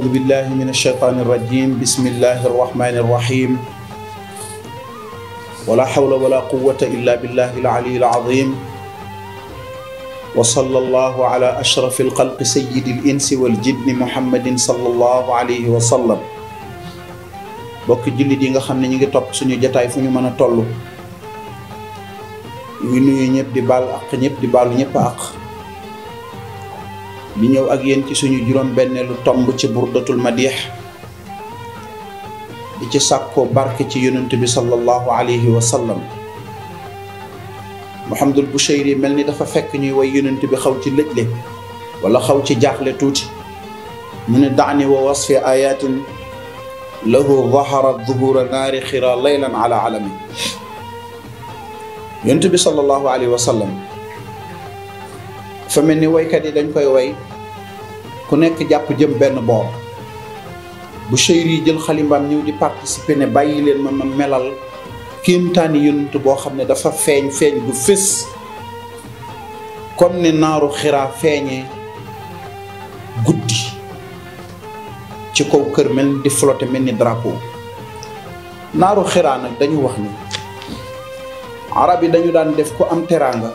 أعوذ بالله من الشيطان الرجيم بسم الله الرحمن الرحيم ولا حول ولا قوة إلا بالله العلي العظيم وصلى الله على أشرف الخلق سيد الإنس والجن محمد صلى الله عليه وسلم bokki jullit yi nga xam ne ñu ngi topp suñu jataay fu ñu mën a toll ñu ngi nuyu ñëpp di baal ak ñëpp di baalu ñëpp ak bi ñëw ak yéen ci suñu juróom-benneelu tomb ci burdatul madix di ci sàkkoo barke ci yonent bi sallallahu alayhi wa sallam Muhammadul Bushayri mel ni dafa fekk ñuy way yonent bi xaw ci lëjle wala xaw ci jaaxle tuuti mu ne daani wa wasfi ayatin lahu zahara zuhura naari xira laylan ala alami yonent bi sallallahu alayhi wa sallam fa mel ni waykat yi dañ koy way ku nekk jàpp jëm benn boor bu yi jël xalimbaam ñëw di participer ne bàyyi leen ma ma melal kéemtaani yonent boo xam ne dafa feeñ feeñ bu fis comme ne naaru xiraa feeñee guddi ci kaw kër mel ni di flotter mel ni drapeau naaru xiraa nag dañu wax ni arab yi dañu daan def ku am teraanga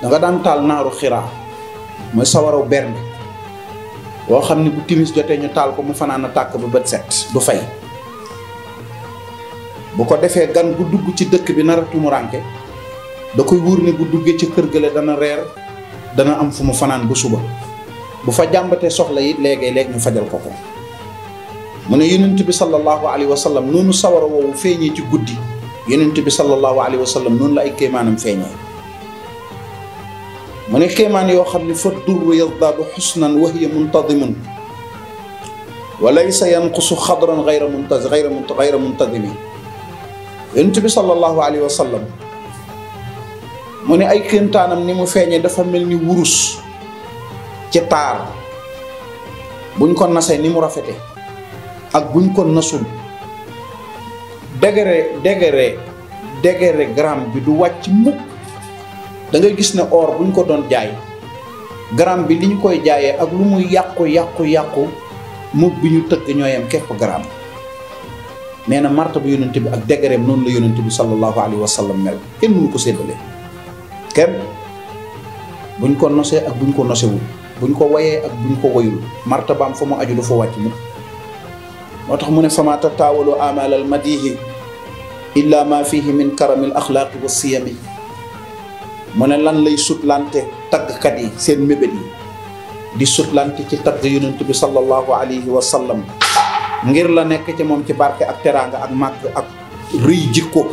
da nga daan taal naaru xiraa mooy sawaraw bernde boo xam ne bu timis jotee ñu taal ko mu fanaan a tàkk ba bët set du fay bu ko defee gan gu dugg ci dëkk bi nar a tumuranke da koy wóor ne bu duggee ci kër gale dana reer dana am fu mu fanaan bu suba bu fa jàmbatee soxla yi léegi léeg ñu fajal ko ko mu ne yonent bi sallallahu alayhi wa sallam noonu sawara woowu feeñee ci guddi yonent bi sallallahu alayhi wa sallam noonu la ay kéemaanam feeñee mu ne kéemaan yoo xam ne fa durru yazdaadu xusnan wa hiya muntadimun wa laysa yanqusu xadran gayra muntaz gayra munt gayra muntadimi yonent bi sallallahu alayhi wa sallam mu ne ay kéemtaanam ni mu feeñee dafa mel ni wurus ci taar buñ ko nasee ni mu rafete ak buñ ko nasul dégere dégere dégere gramme bi du wàcc mukk da ngay gis ne or bu ñu ko doon jaay gramme bi li ñu koy jaayee ak lu muy yàqu yàqu yàqu moog bi ñu tëgg ñoo yem képp gramme nee na marta bu yonent bi ak dégëreem noonu la yonent bi sallallahu alayhi wa sallam mel kenn mënu ko séddale kenn buñ ko nosee ak buñ ko nosewul buñ ko wayee ak buñ ko woyul marta baam fa mu aju du wàcc mu moo tax mu ne fama tataawalu amal al madihi illa ma min karamil axlaaqi wa siyami mu ne lan lay sutlante taggkat yi seen mébét yi di sutlante ci tagg yonent bi sallallahu alayhi wa sallam ngir la nekk ci moom ci barke ak teraanga ak màgg ak rëy jikko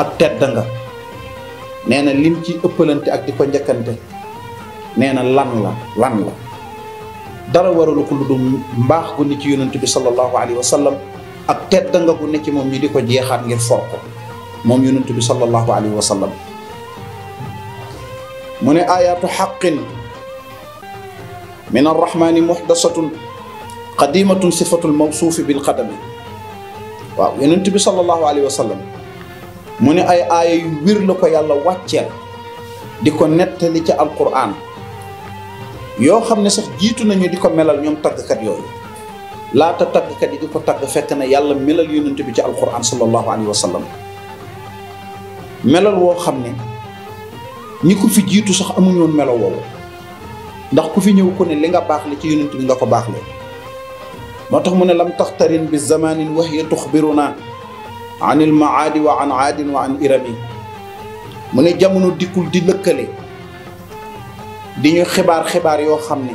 ak tedd nga nee na lim ci ëppalante ak di ko njëkkante nee na lan la lan la dara waralu ko lu du mbaax gu ne ci yonent bi sallallahu alayhi wa sallam ak tedd nga gu ne ci moom ñi di ko jeexaat ngir for ko moom yonent bi sallallahu alayhi wa sallam mu ne ayaatu xaqin min arrahmani muhdasatun qadimatun sifatul mawsuufi bil qadami waaw yonent bi sallallahu alayhi wa sallam mu ne ay aaya yu la ko yàlla wàcceel di ko nettali ca alquran yoo xam ne sax jiitu nañu di ko melal ñoom tàggkat yooyu laata tàggkat yi di ko tagg fekk na yàlla melal yonent bi ci alquran sallallahu alayhi wa sallam melal woo xam ne ñi ko fi jiitu sax amuñu woon melo ndax ku fi ñëw ko ne li nga baax li ci yonent bi nga ko baax le moo tax mu ne lam taxtarin bi zamanin waxya tuxbiruna an il maadi wa an aadin wa an irami mu ne jamono dikkul di lëkkale di ñu xibaar xibaar yoo xam ne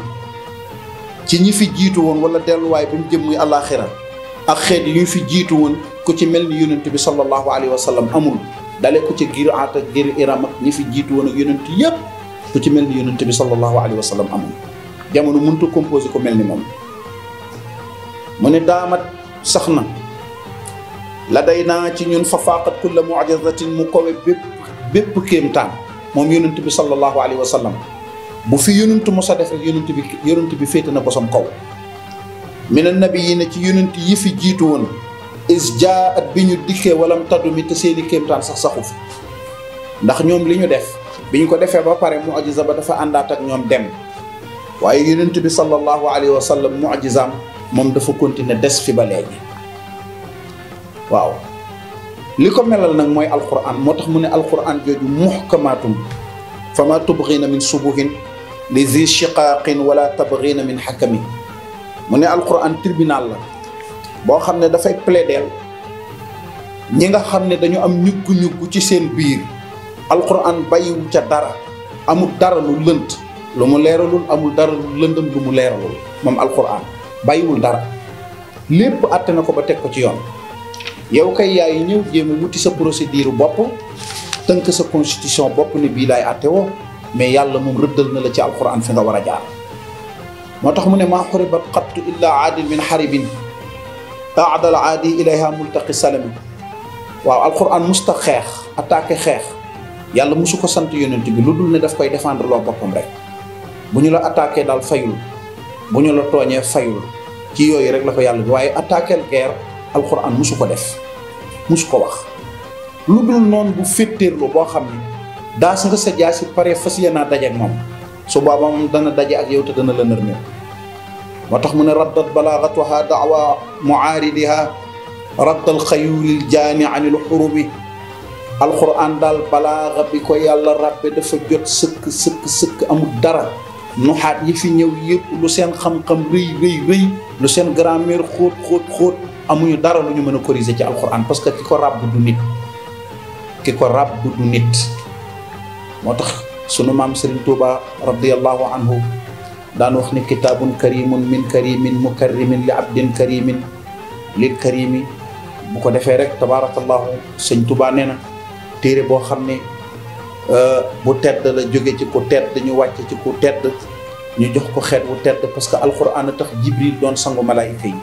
ci ñi fi jiitu woon wala delluwaay bi mu jëm muy àllaaxira ak xeet yu ñu fi jiitu woon ku ci mel ni yonent bi sallallahu alayhi wa sallam amul dalee ko ca giiru aat ak giiru iram ak ñi fi jiitu woon ak yonent yëpp ku ci mel ni yonent bi sallallahu alayhi wa sallam amoon jamono mënut a composé ko mel ni moom mu ne daamat sax na la day naa ci ñun fafaaqat kulla mu'jizatin mu kowe bépp bépp kéemtaan moom yonent bi sallallahu alayhi wa bu fi yonent mos a def ak yonent bi yonent bi féete na bosam kaw mina nabi yi ne ci yonent yi fi jiitu woon isjaa at bi ñu dikkee wala taddu mi te seeni kéemtaan sax saxu fi ndax ñoom li ñu def bi ñu ko defee ba pare mujiza ba dafa àndaat ak ñoom dem waaye yonent bi sallallahu alayhi wa sallam mujizaam moom dafa continuer des fi ba léegi waaw li ko melal nag mooy alquran moo tax mu ne alquran jooju muhkamatun fama tubghina min subuhin li zi shiqaqin wala tabghina min hakami mu ne alquran tirbinal la boo xam ne dafay plaideel ñi nga xam ne dañu am ñuggu-ñugg ci seen biir alxuraan bàyyiwu ca dara amul dara lu lënt lu mu leeralul amul dara lu lëndëm lu mu leeralul moom alxuraan bàyyiwul dara lépp àtte na ko ba teg ko ci yoon yow kay yaay yi ñëw jéem a wuti sa procédure bopp tënk sa constitution bopp ne bii laay àtte woo mais yàlla moom rëddal na la ci alxuraan fi nga war a jaar moo tax mu ne maa xuribat xattu illaa aadil min xaribin aadal aadi ilayha multaqi salami waaw alquran musta xeex attaqué xeex yàlla musu ko sant yonent bi lu dul ne daf koy défendre loo boppam rek bu ñu la attaqué daal fayul bu ñu la tooñee fayul ci yooyu rek la ko yàlla bi waaye attaqué guerre alquran musu ko def musu ko wax lu dul noonu bu féttéerlu boo xam ne daas nga sa jaasi pare fas naa daje moom su boobaa moom dana daje ak yow te dana la nërmeel moo tax mu ne raddat balaagatuha daawa muaaridiha raddal xayuuril jaani anil xurubi alquran daal balaaxa bi ko yàlla ràbbe dafa jot sëkk sëkk sëkk amul dara nuxaat yi fi ñëw yëpp lu seen xam-xam rëy rëy rëy lu seen grammaire xóot xóot xóot amuñu dara lu ñu mën a corriger ci alquran parce que ko ràbb du nit ki ko ràbb du nit moo tax sunu maam Serigne Touba radiallahu anhu daan wax ni kitaabun karimun min karimin mukarrimin li abdin karimin lil karimi bu ko defee rek tabarakallahu sëñ Tuubaa nee na téere boo xam ne euh, bu tedd la jóge ci ku tedd ñu wàcc ci ku tedd ñu jox ko xeet wu tedd parce que alquran a tax jibril doon sangu malaayika yi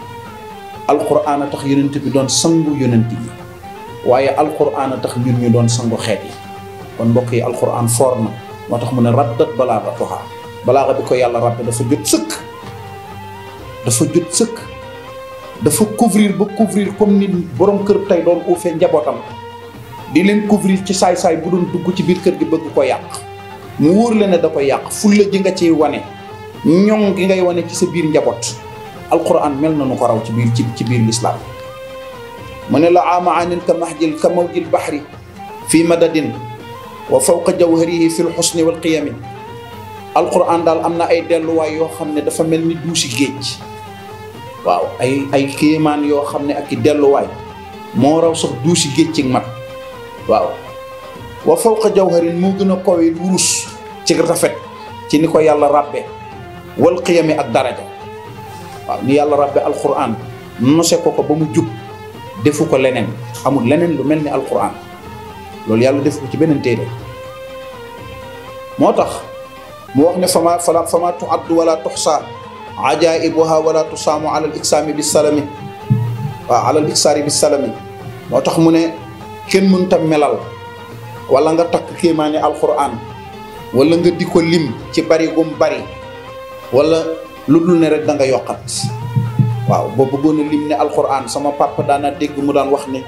alquran a tax yonent bi doon sangu yonent yi waaye alquran a tax ñun ñu doon sangu xeet yi kon mbokk yi alquran foor na moo tax mu ne raddat balaa ba tuxaa balaa bi ko yàlla ràbbi dafa jot sëkk dafa jot sëkk dafa couvrir ba couvrir comme nit borom kër tey doon uufee njabootam di leen couvrir ci saay-saay bu doon dugg ci biir kër gi bëgg ko yàq mu wóor la ne da ko yàq fulla ji nga ci wane ñoŋ gi ngay wane ci sa biir njaboot alquran mel na nu ko raw ci biir ci ci biir lislaam mu ne la ama anil ka mahjil ka mawjil bahri fi madadin wa fawqa jawharihi fi lxusni walqiyami alquran daal am na ay delluwaay yoo xam ne dafa mel ni duusi géej waaw ay kéemaan yoo xam ne ak i delluwaay moo raw sax duusi géej ci mat waaw wa fawqa jawharin moo gën a kowee wurus ci rafet ci ni ko yàlla ràbbe wal ak daraja waaw ni yàlla ràbbe alquran nose ko ko ba mu jub defu ko leneen amul leneen lu mel ni alquran loolu yàlla defu ko ci beneen téere moo tax mu wax ne fama fala fama tuaddu wala tuxsa ajaibuha wala tusaamu alal iksaami bi salami waaw alal iksaari bi salami moo tax mu ne kenn tam melal wala nga takk kéemaani alquran wala nga di ko lim ci bari gum bari walla lu dul ne rek da nga yokkat waaw boo bëggoon a lim ne alquran sama papa daana dégg mu daan wax ne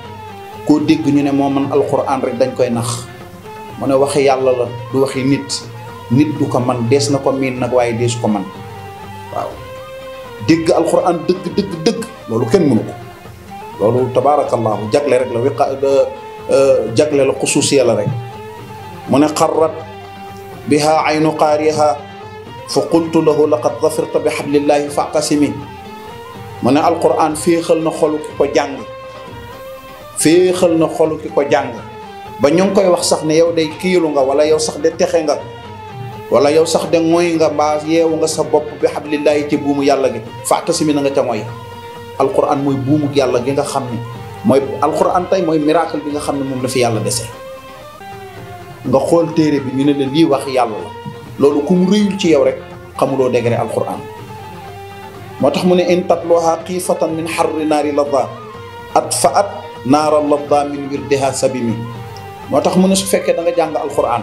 koo dégg ñu ne moo man alquran rek dañ koy nax mu ne waxi yàlla la du waxi nit nit du ko man dees na ko miin nag waaye dees ko man waaw dégg alxuraan dëgg dëgg dëgg loolu kenn mënu loolu tabaarakallaahu jagle rek la wiqa euh, euh, jagle la xusuusiya la rek mu ne xarrat biha aynu qaariha fa qultu lahu laqad zafirta bi hablillaahi fa'tasimi mu ne alquran féexal na xolu ki ko jàng féexal na xolu ki ko jàng ba ñu ngi koy wax sax ne yow day kiilu nga wala yow sax de texe nga wala yow sax de mooy nga mbaa yeewu nga sa bopp bi xablillahi ci buumu yàlla gi faatasimi na nga ca mooy alquran mooy buumu yàlla gi nga xam ni mooy alquran tey mooy miracle bi nga xam ne moom la fi yàlla dese nga xool téere bi ñu ne la lii wax yàlla la loolu ku mu réyul ci yow rek xamuloo degré alquran moo tax mu ne in tatluha xiifatan min xarri naari ladda at fa at naara ladda min wirdiha sabimi moo tax mu ne su fekkee da nga jàng alquran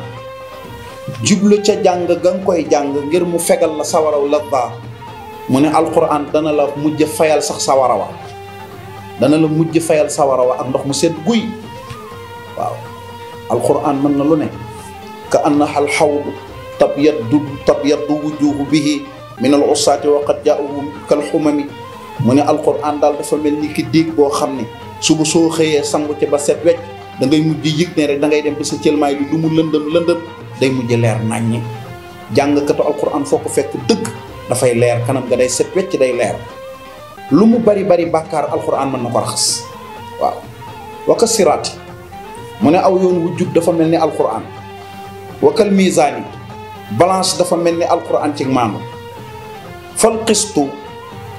jublu ca jàng ga nga koy jàng ngir mu fegal la sawaraw la baa mu ne alxuraan dana la mujj fayal sax sawara wa dana mujj fayal sawara wa ak ndox mu set guy waaw alxuraan mën na lu ne ka annaha alxawdu tab yaddu tab yaddu wujuhu bihi min al ussaati wa qad jaauhum kal xumami mu ne alxuraan daal dafa mel ni ki diig boo xam ne suba soo xëyee sangu ci ba set wecc da ngay mujj yëg ne rek da dem ba sa cëlmaay bi lu mu lëndëm lëndëm day mujj leer naññ jàngkatu alquran foo ko fekk dëgg dafay leer kanam nga day set wecc day leer lu mu bari bari bàkkaar alquran mën na ko raxas waaw waka siraati mu ne aw yoon wu jub dafa mel ni alquran wakal misaani balance dafa mel ni alquran ci maanu fal xistu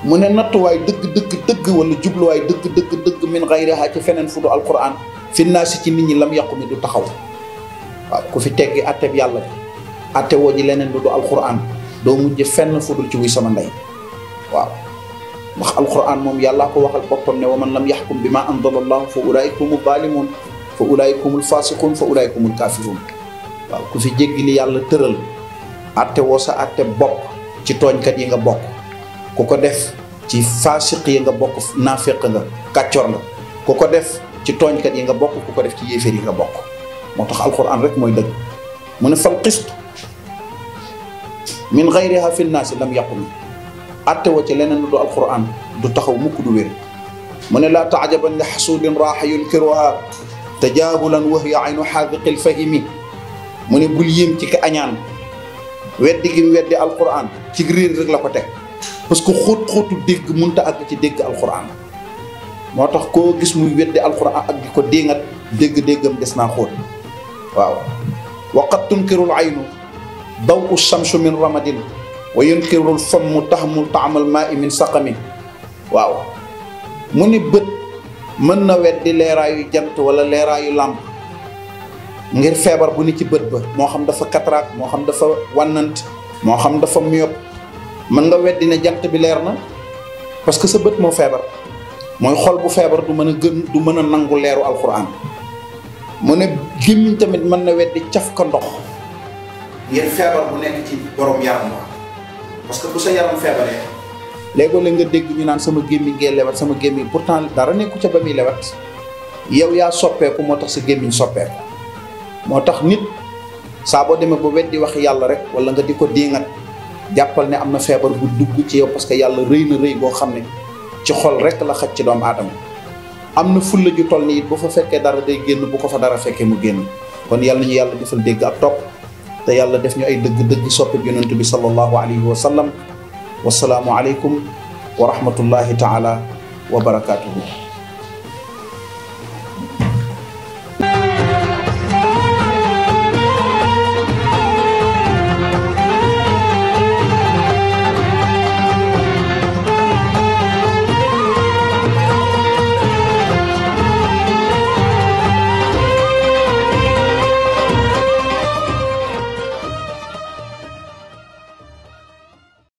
mu ne nattuwaay dëgg dëgg dëgg wala jubluwaay dëgg dëgg dëgg min xayriha ci feneen fu du alquran fi naasi ci nit ñi lam yàqu mi du taxaw waaw ku fi tegg atteb yàlla bi atte woo ji leneen lu du alxuraan doo mujj fenn fudul ci wuy sama ndey waaw ndax alxuraan moom yàllaa ko waxal boppam ne wa man lam yaxkum bi ma anzala allahu fa ulaayika humu zaalimuun fa ulaayika humul faasiquun fa ulaayika humul kaafiruun waaw ku fi jéggi li yàlla tëral atte woo sa atte bopp ci tooñkat yi nga bokk ku ko def ci faasiq yi nga bokk naaféq nga kàccoor nga ku ko def ci tooñkat yi nga bokk ku ko def ci yéeféer yi nga bokk moo tax alquran rek mooy dëgg mu ne fal qist min gayriha fi naasi lam yàqu mi wa ci leneen lu du alquran du taxaw mukk du wér mu ne laa taajaban li xasuudin raaxa yunkiruha tajaabulan waxya aynu xaadiqil fahimi mu ne bul yéem ci ka añaan weddi gi mu weddi alquran ci réer rek la ko te parce que xut xóotu dégg munta àgg ci dégg alquran moo tax koo gis muy weddi alquran ak di ko déngat dégg-déggam des naa xóot waaw waqad tunkirul aynu daw u shamsu min ramadin wa yunkirul fammu taxmul taamal maa i min saqamin waaw mu ni bët mën na weddi leeraayu jant wala leeraayu làmp ngir feebar bu ni ci bët ba moo xam dafa cataracte moo xam dafa wànnant moo xam dafa myope mën nga weddi ne jant bi leer na parce que sa bët moo feebar mooy xol bu feebar du mën a gën du mën a nangu leeru alquran mu ne gémmiñ tamit mën na weddi caf ko ndox yéen feebar bu nekk ci borom yaram la parce que bu sa yaram feebaree léegoo la nga dégg ñu naan sama gémmiñ ngay lewat sama gémmiñ pourtant dara nekku ca ba muy lewat yow yaa soppeeku moo tax sa gémmiñ soppeeku moo tax nit saa boo demee ba weddi wax yàlla rek wala nga di ko diingat jàppal ne am na feebar bu dugg ci yow parce que yàlla rëy na rëy boo xam ne ci xol rek la xaj ci doomu aadama am na fulla ju toll nii it bu fa fekkee dara day génn bu ko fa dara fekkee mu génn kon yàlla ñu yàlla defal dégg a topp te yàlla def ñu ay dëgg-dëgg soppe yonent bi sallallahu alayhi wa sallam wasalaamu aleykum wa rahmatullahi taala wa barakaatuhu